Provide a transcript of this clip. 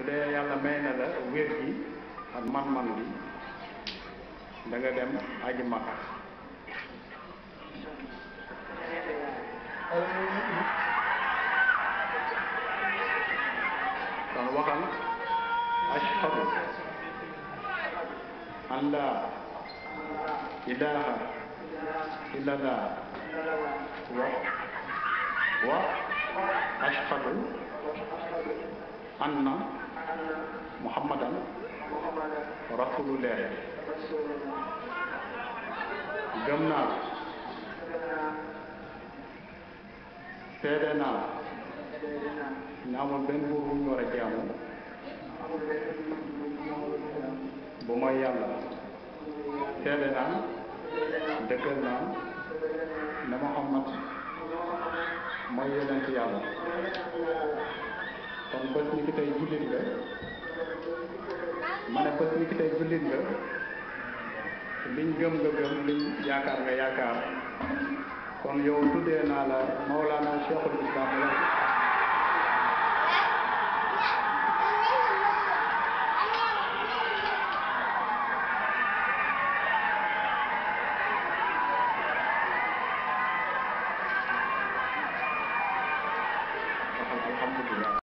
su dee yàlla may na la wér gi man-man bi da dem aji Makka waxal ashhadu an laa ilaaha illallah wa wa anna muhammadan rasulullahi gëm naa la seede naa la benn buur bu a jaamu bu mooy yàlla seede naa dëggal naa ne muhammad mooy yonent yàlla kon bés ni ki tey jullit nga ma ne bët ni ki tey nga liñ gëm nga gëm liñ yaakaar nga yaakaar kon yow tuddee naa la Mawlana Cheikhul Islam la